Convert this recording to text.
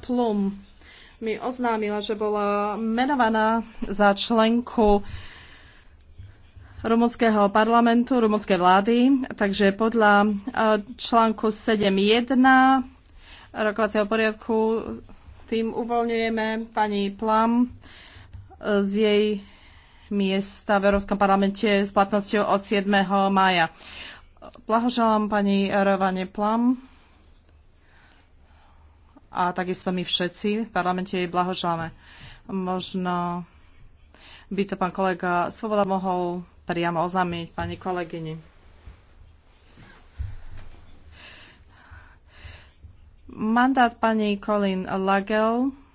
Plum mi oznámila, že bola menovaná za členku rumunského parlamentu, rumunskej vlády. Takže podľa eh, článku 7.1 rokovacieho poriadku tým uvoľňujeme pani Plam eh, z jej miesta v Európskom parlamente s platnosťou od 7. mája. Blahoželám pani Rovane Plam a takisto my všetci v parlamente jej blahoželáme. Možno by to pán kolega Svoboda mohol priamo oznámiť pani kolegyni. Mandát pani Colin Lagel